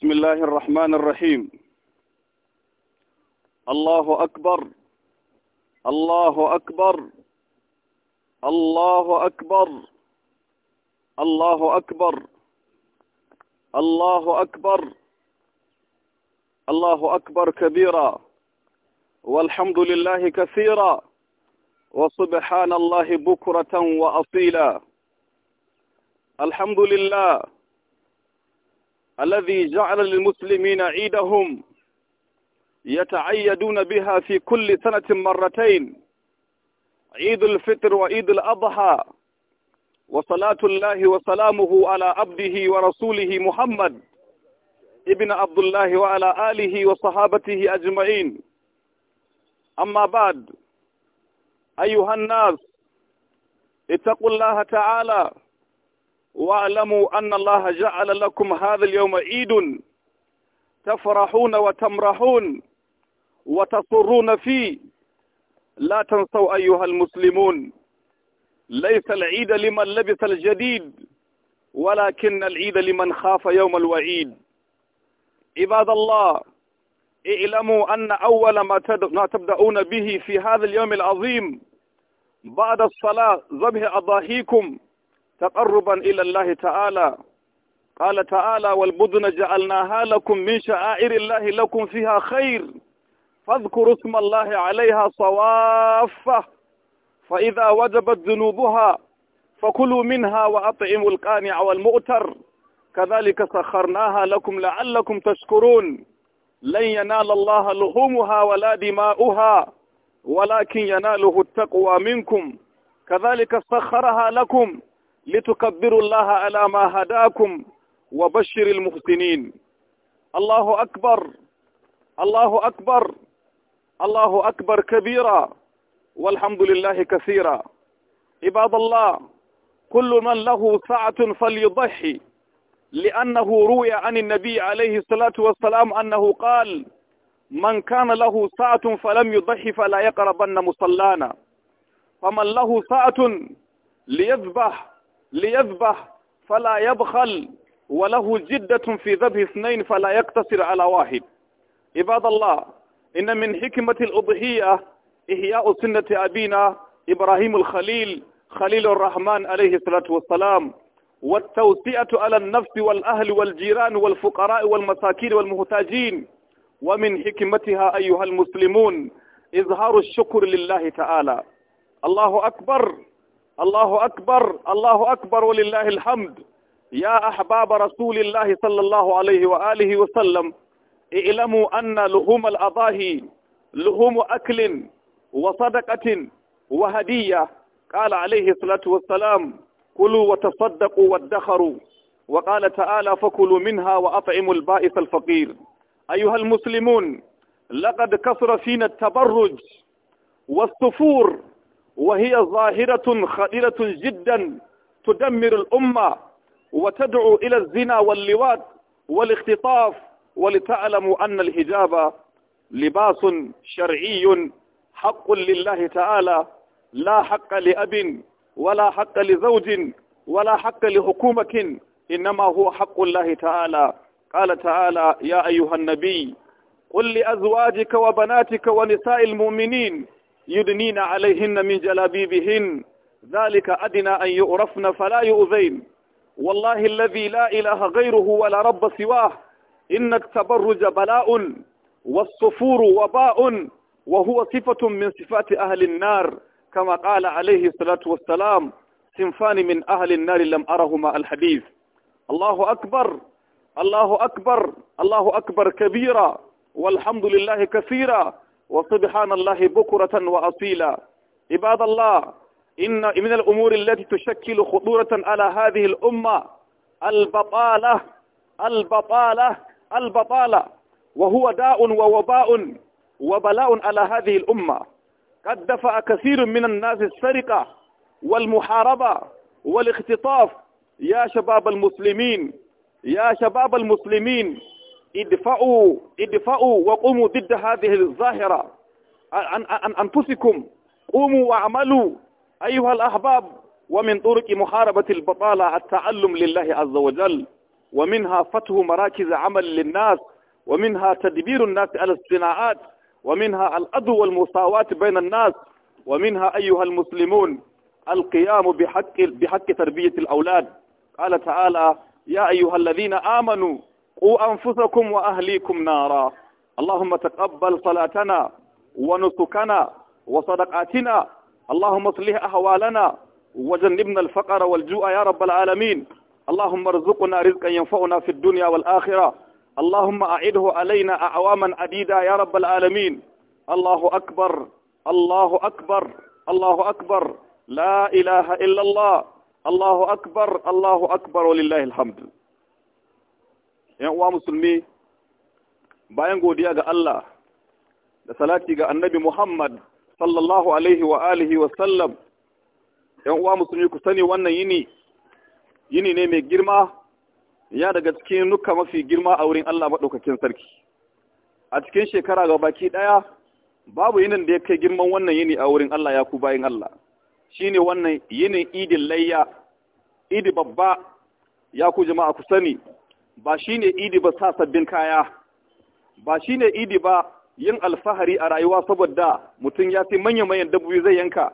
بسم الله الرحمن الرحيم الله أكبر الله أكبر الله أكبر الله أكبر الله أكبر الله أكبر كبيرا والحمد لله كثيرا وسبحان الله بكرة وأصيلا الحمد لله الذي جعل للمسلمين عيدهم يتعيدون بها في كل سنة مرتين عيد الفطر وعيد الأضحى وصلاة الله وسلامه على عبده ورسوله محمد ابن عبد الله وعلى آله وصحابته أجمعين أما بعد أيها الناس اتقوا الله تعالى واعلموا أن الله جعل لكم هذا اليوم عيد تفرحون وتمرحون وتصرون فيه لا تنسوا أيها المسلمون ليس العيد لمن لبس الجديد ولكن العيد لمن خاف يوم الوعيد عباد الله اعلموا أن أول ما تبدأون به في هذا اليوم العظيم بعد الصلاة ذبح أضاحيكم تقربا إلى الله تعالى قال تعالى والبدن جعلناها لكم من شعائر الله لكم فيها خير فاذكروا اسم الله عليها صوافة فإذا وجبت ذنوبها فكلوا منها وأطعموا القانع والمؤتر كذلك سخرناها لكم لعلكم تشكرون لن ينال الله لحومها ولا دماؤها ولكن يناله التقوى منكم كذلك سخرها لكم لتكبروا الله على ما هداكم وبشر المحسنين الله أكبر الله أكبر الله أكبر كبيرا والحمد لله كثيرا عباد الله كل من له سعة فليضحي لأنه روي عن النبي عليه الصلاة والسلام أنه قال من كان له ساعة فلم يضحي فلا يقربن مصلانا فمن له ساعة ليذبح ليذبح فلا يبخل وله جدة في ذبح اثنين فلا يقتصر على واحد عباد الله إن من حكمة الأضحية إحياء سنة أبينا إبراهيم الخليل خليل الرحمن عليه الصلاة والسلام والتوسئة على النفس والأهل والجيران والفقراء والمساكين والمحتاجين ومن حكمتها أيها المسلمون إظهار الشكر لله تعالى الله أكبر الله أكبر الله أكبر ولله الحمد يا أحباب رسول الله صلى الله عليه وآله وسلم اعلموا أن لهم الأضاهي لهم أكل وصدقة وهدية قال عليه الصلاة والسلام كلوا وتصدقوا وادخروا وقال تعالى فكلوا منها وأطعموا البائس الفقير أيها المسلمون لقد كثر فينا التبرج والسفور وهي ظاهرة خطيرة جدا تدمر الأمة وتدعو إلى الزنا واللواط والاختطاف ولتعلموا أن الحجاب لباس شرعي حق لله تعالى لا حق لأب ولا حق لزوج ولا حق لحكومة إنما هو حق الله تعالى قال تعالى يا أيها النبي قل لأزواجك وبناتك ونساء المؤمنين يدنين عليهن من جلابيبهن ذلك أدنى أن يؤرفن فلا يؤذين والله الذي لا إله غيره ولا رب سواه إن التبرج بلاء والصفور وباء وهو صفة من صفات أهل النار كما قال عليه الصلاة والسلام صنفان من أهل النار لم أرهما الحديث الله أكبر الله أكبر الله أكبر كبيرا والحمد لله كثيرا وسبحان الله بكرة وأصيلا عباد الله إن من الأمور التي تشكل خطورة على هذه الأمة البطالة البطالة البطالة وهو داء ووباء وبلاء على هذه الأمة قد دفع كثير من الناس السرقة والمحاربة والاختطاف يا شباب المسلمين يا شباب المسلمين ادفعوا ادفعوا وقوموا ضد هذه الظاهرة عن, أنفسكم قوموا واعملوا أيها الأحباب ومن طرق محاربة البطالة التعلم لله عز وجل ومنها فتح مراكز عمل للناس ومنها تدبير الناس على الصناعات ومنها الأدو والمساواة بين الناس ومنها أيها المسلمون القيام بحق, بحق تربية الأولاد قال تعالى يا أيها الذين آمنوا قوا أنفسكم وأهليكم نارا اللهم تقبل صلاتنا ونسكنا وصدقاتنا اللهم اصلح أهوالنا وجنبنا الفقر والجوع يا رب العالمين اللهم ارزقنا رزقا ينفعنا في الدنيا والآخرة اللهم أعده علينا أعواما عديدة يا رب العالمين الله أكبر الله أكبر الله أكبر لا إله إلا الله الله أكبر الله أكبر ولله الحمد ‘yan uwa musulmi bayan godiya ga Allah da salati ga annabi Muhammad sallallahu Alaihi wa alihi wa sallam ‘yan uwa musulmi ku sani wannan yini yini ne mai girma ya daga cikin nuka mafi girma a wurin Allah maɗaukakin sarki a cikin shekara ga baki ɗaya babu yinin da ya kai girman wannan yini a wurin Allah ya ku bayin Allah ne wannan yinin idin layya idi babba ya ku jama'a ku sani ba shine idi ba sa sabbin kaya ba shi ne idi ba yin alfahari a rayuwa saboda mutum ya fi manya-manyan dabbobi zai yanka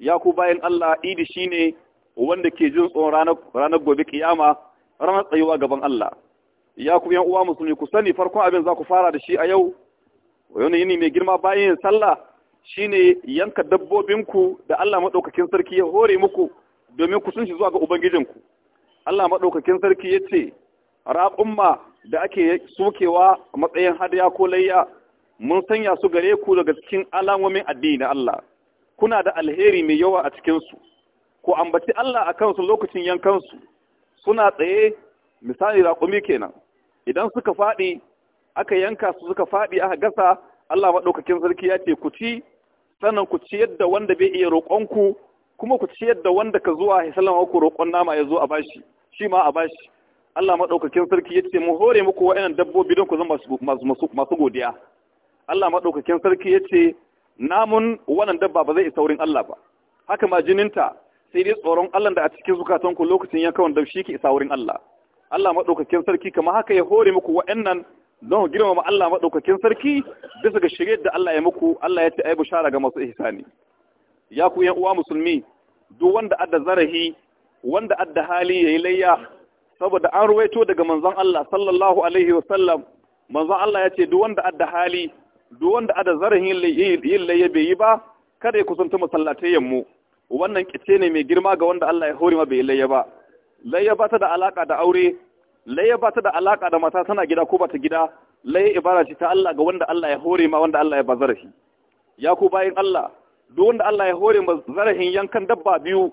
ya ku bayan Allah idi shine wanda ke jin tsoron ranar gobe kiyama ranar tsayuwa gaban Allah ya ku yan uwa musulmi ku sani farkon abin za ku fara da shi a yau wani yini mai girma bayan sallah shine yanka dabbobinku da Allah maɗaukakin sarki ya hore muku domin ku sun shi zuwa ga ubangijinku Allah maɗaukakin sarki ya ce raƙumma da ake sokewa a matsayin hadaya ko layya mun sanya su gare ku daga cikin alamomin addini na Allah kuna da alheri mai yawa a cikin su ku ambaci Allah a kansu lokacin yankan su suna tsaye misali raƙumi kenan idan suka faɗi aka yanka su suka faɗi aka gasa Allah maɗaukakin sarki ya ce ku ci sannan ku ciyar da wanda bai iya ku kuma ku ciyar da wanda ka zuwa ya ku roƙon nama ya zo a bashi shi ma a bashi Allah maɗaukakin sarki ya ce mu hore muku wa'annan dabbobi don ku zama masu godiya Allah maɗaukakin sarki ya ce namun wannan dabba ba zai isa wurin Allah ba haka ma jininta sai dai tsoron Allah da a cikin ku lokacin ya da shi ke isa wurin Allah Allah maɗaukakin sarki kama haka ya hore muku wa'annan don ku girmama Allah maɗaukakin sarki bisa ga shirye da Allah ya muku Allah ya ce ai bushara ga masu ihsani ya ku yan uwa musulmi duk wanda adda zarahi wanda adda hali ya yi layya saboda an ruwaito daga manzon Allah sallallahu alaihi wa sallam manzon Allah ya ce duk wanda adda hali duk wanda adda zarahin yin laye bai yi ba kada ya kusanta masallatai yammu wannan kice ne mai girma ga wanda Allah ya hori ma bai layya ba layya ba ta da alaka da aure layya ba ta da alaka da mata tana gida ko bata gida layya ibara ce ta Allah ga wanda Allah ya hore ma wanda Allah ya ba zarafi ya ku bayin Allah duk wanda Allah ya hore ma zarahin yankan dabba biyu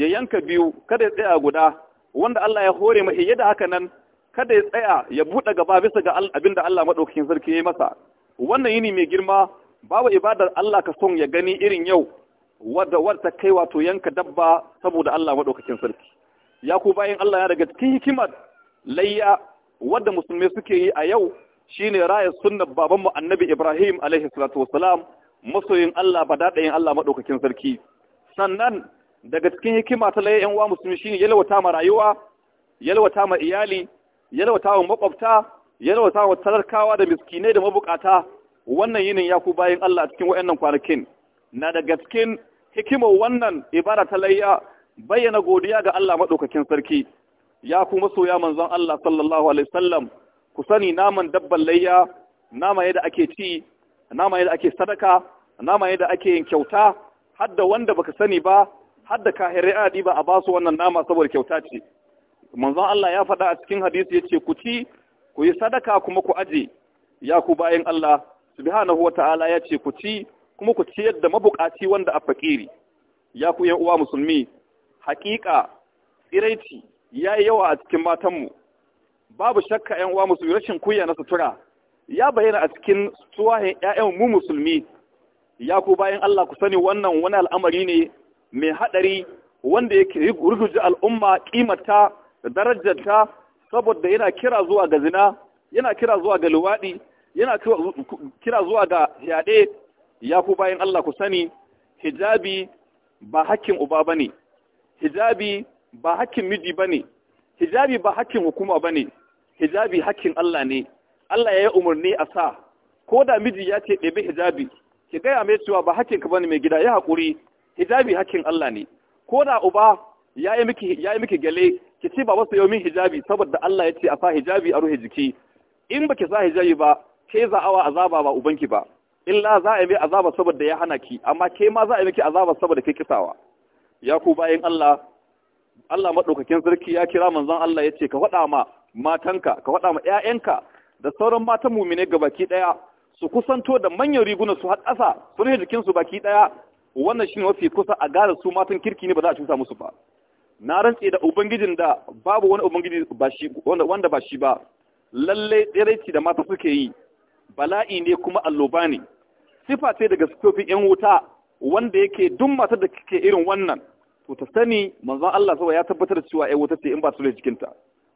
ya yanka biyu kada ya tsaya guda wanda Allah ya hore iya yadda haka nan kada ya tsaya ya buɗe gaba bisa ga abin da Allah maɗaukakin sarki ya yi masa wannan yini mai girma babu ibadar Allah ka son ya gani irin yau wadda wadda kai wato yanka dabba saboda Allah maɗaukakin sarki ya ku bayan Allah ya daga cikin hikimar layya wadda musulmai suke yi a yau shine rayar sunnar babanmu annabi Ibrahim alaihi salatu masoyin Allah ba daɗayin Allah maɗaukakin sarki sannan daga cikin hikima ta laye yan uwa musulmi shine yalwata ma rayuwa yalwata ma iyali yalwata ma makwabta yalwata ma talakawa da miskinai da mabukata wannan yinin ya ku bayan Allah a cikin wayannan kwanakin na daga cikin hikimar wannan ibara ta layya bayyana godiya ga Allah madaukakin sarki ya ku masoya manzon Allah sallallahu alaihi wasallam ku sani naman dabban layya nama yadda ake ci nama yadda ake sadaka nama yadda ake yin kyauta hadda wanda baka sani ba har da kahirai adi ba a ba su wannan nama saboda kyauta ce manzon Allah ya faɗa a cikin hadisi ya ce ku ci ku yi sadaka kuma ku aje ya ku bayan Allah subhanahu ya ce ku ci kuma ku ci yadda mabukaci wanda a fakiri ya ku yan uwa musulmi hakika tsiraici ya yi yawa a cikin matanmu babu shakka yan uwa musulmi rashin kuya na sutura ya bayyana a cikin tuwahin yayan mu musulmi ya ku bayan Allah ku sani wannan wani al'amari ne mai haɗari wanda yake ruguje al'umma ƙimata da darajarta saboda yana kira zuwa ga zina yana kira zuwa ga luwaɗi yana kira zuwa ga yaɗe ya ku bayan Allah ku sani hijabi ba hakkin uba ba ne hijabi ba hakkin miji ba ne hijabi ba hakkin hukuma ba ne hijabi hakkin Allah ne Allah ya yi umarni a sa ko da miji ya ce ɗebe hijabi ki gaya mai cewa ba hakkin ka bane mai gida ya haƙuri hijabi hakkin Allah ne ko da uba ya miki yayi miki gale ki ce baba sayo min hijabi saboda Allah ya ce a sa hijabi a ruhe jiki in baki sa hijabi ba ke za awa azaba ba ubanki ba illa za a yi azaba saboda ya hana ki amma ke ma za a yi miki azaba saboda kai kisawa ya ku bayan Allah Allah madaukakin sarki ya kira manzon Allah ya ce ka faɗa ma matanka ka faɗa ma ƴaƴanka da sauran matan mumine ga baki ɗaya su kusanto da manyan riguna su har ƙasa sun jikin jikinsu baki ɗaya wannan shine mafi kusa a gane su matan kirki ne ba za a cuta musu ba na rantse da ubangijin da babu wani ubangiji ba shi wanda ba shi ba lalle tsiraici da mata suke yi bala'i ne kuma alloba ne sifa ce daga sifofin yan wuta wanda yake duk matar da kike irin wannan to ta sani manzon Allah saboda ya tabbatar cewa ai wuta ce in ba su cikin jikinta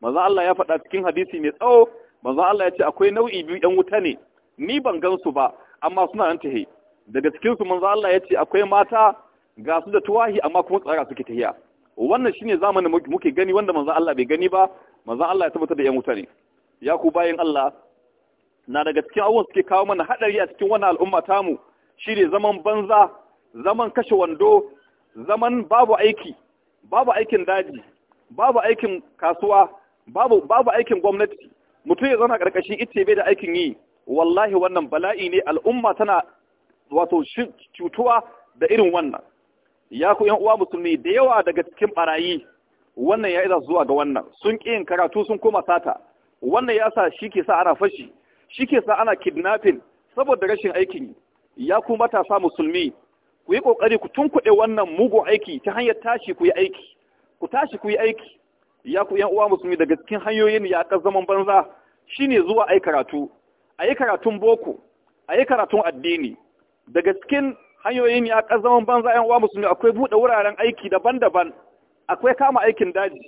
manzon Allah ya faɗa cikin hadisi mai tsawo manzon Allah ya ce akwai nau'i biyu yan wuta ne ni ban gansu ba amma suna nan ta hei. daga cikin su manzo Allah ya ce akwai mata ga su da tuwahi amma kuma tsara suke tahiya wannan shine zamanin muke gani wanda manzo Allah bai gani ba manzo Allah ya tabbatar da yan wuta ne ya ku bayin Allah na daga cikin abubuwan suke kawo mana hadari a cikin wannan al'umma tamu shine zaman banza zaman kashe wando zaman babu aiki babu aikin daji babu aikin kasuwa babu babu aikin gwamnati mutum ya zauna karkashin ice bai da aikin yi wallahi wannan bala'i ne al'umma tana wato cutuwa da irin wannan ya ku uwa musulmi da yawa daga cikin barayi wannan ya iza zuwa ga wannan sun ƙi yin karatu sun koma sata wannan ya sa shi ke sa ana fashi shi ke sa ana kidnafin saboda rashin aikin ya ku matasa musulmi ku yi ƙoƙari ku tunkuɗe wannan mugun aiki ta hanyar tashi ku yi aiki ku tashi ku yi aiki ya ku yan uwa musulmi daga cikin hanyoyin ka zaman banza shine zuwa ai karatu a yi karatun boko a yi karatun addini daga cikin hanyoyin ya zaman banza yan uwa musulmi akwai buɗe wuraren aiki daban-daban akwai kama aikin daji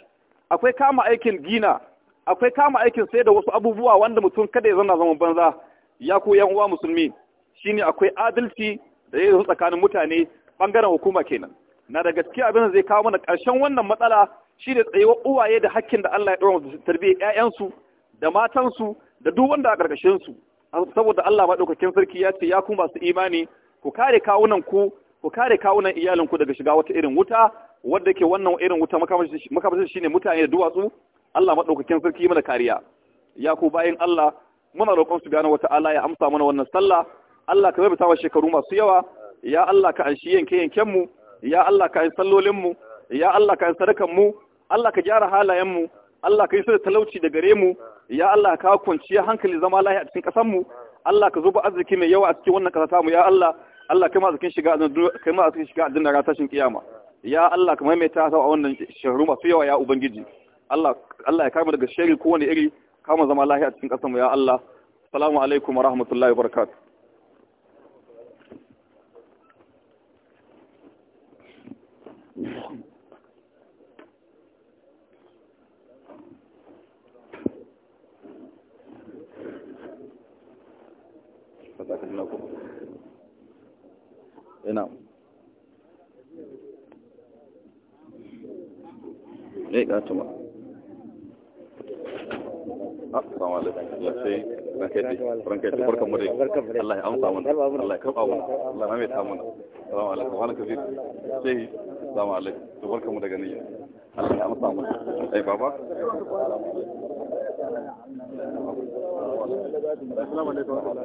akwai kama aikin gina akwai kama aikin sai da wasu abubuwa wanda mutum kada ya zana zaman banza ya ku yan uwa musulmi shine akwai adalci da ya zo tsakanin mutane ɓangaren hukuma kenan na daga cikin abin da zai kawo mana ƙarshen wannan matsala shine tsayuwar uwaye da hakkin da Allah ya ɗora musu tarbiyyar 'ya'yansu da matansu da duk wanda a ƙarƙashinsu. saboda Allah maɗaukakin sarki ya ce ya ku masu imani ku kare kawunan ku ku kare kawunan iyalin ku daga shiga wata irin wuta wadda ke wannan irin wuta makamashin shine mutane da duwatsu Allah maɗaukakin sarki mana kariya ya ku bayin Allah muna roƙon su gane wata ala ya amsa mana wannan sallah Allah ka rubuta wa shekaru masu yawa ya Allah ka anshi yanke yanken mu ya Allah ka yi sallolin mu ya Allah ka yi sadakan mu Allah ka gyara halayen mu Allah ka yi su da talauci da gare mu ya Allah ka kwanciya hankali zama lahi a cikin ƙasar mu Allah ka zuba arziki mai yawa a cikin wannan ƙasa mu ya Allah Allah kai ma arzikin shiga kai ma shiga a ra tashin kiyama ya Allah ka maimaita sau a wannan shahru masu yawa ya ubangiji Allah Allah ya kama daga sharri kowane iri kama zama lahi a cikin ƙasar mu ya Allah assalamu alaikum wa rahmatullahi wa barakatuh Thank you. أنكم نعم ليك أتما السلام عليكم يا شيخ rankaiti rankaiti barkan mu dai Allah ya amsa mana Allah ya karba mana Allah ya maita mana assalamu alaikum wa alaikum sai assalamu alaikum barkan mu daga niyya Allah ya amsa mana eh baba assalamu alaikum